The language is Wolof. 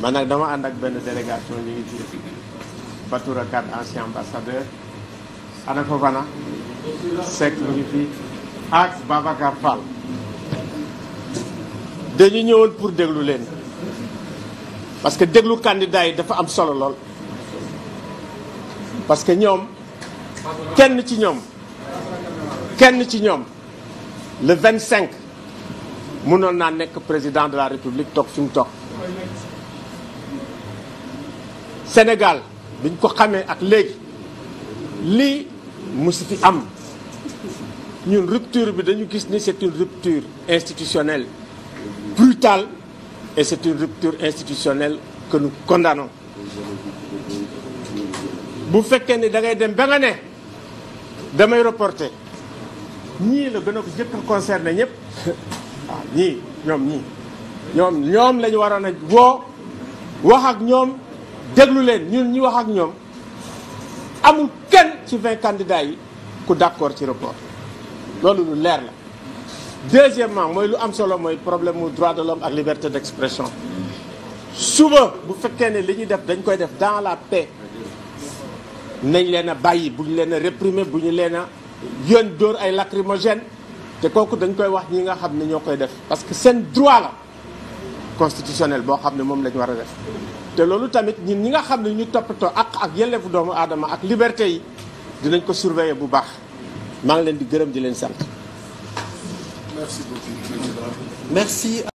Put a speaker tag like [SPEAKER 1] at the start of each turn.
[SPEAKER 1] man nag dama ànd ak benn délégation ñu ngi ci Batoura Kat ancien ambassadeur Ana Fofana Seck mu ngi fi ak Babacar Fall dañu ñëwoon pour déglu leen parce que déglu candidat yi dafa am solo lool parce que ñoom kenn ci ñoom kenn ci ñoom le 25 mënoon naa nekk président de la république toog fi toog. Sénégal biñ ko xamee ak léegi lii musu fi am ñun rupture bi dañu gis ni c'est une rupture institutionnelle brutale et c'est une rupture institutionnelle que nous bu fekkee ni da ngay dem ba nga ne damay reporter ñii la gën a ko jëkk a concerné ñëpp waaw ah, ñii ñoom ñii ñoom ñoom la waroon a woo wax ak ñoom déglu leen ñun ñi wax ak ñoom amul kenn ci vingt candidats yi ku d'accord ci report loolu lu leer la deusièmement mooy lu am solo mooy problème mu droit de l'homme ak liberté d'expression suba bu fekkee ne li ñuy def dañ koy def dans la paix nañ leen a bàyyi bu ñu leen a bu ñu leen a yoon dóor ay lacrymogène te kooku dañ koy wax ñi nga xam ne ñoo koy def parce que seen droit la constitutionnel boo xam ne moom lañ war a def te loolu tamit ñun ñi nga xam ne ñu toppatoo ak ak yelleefu doomu aadama ak liberté yi dinañ ko surveiller bu baax maa ngi leen di gërëm di leen sant. merci beaucoup. merci.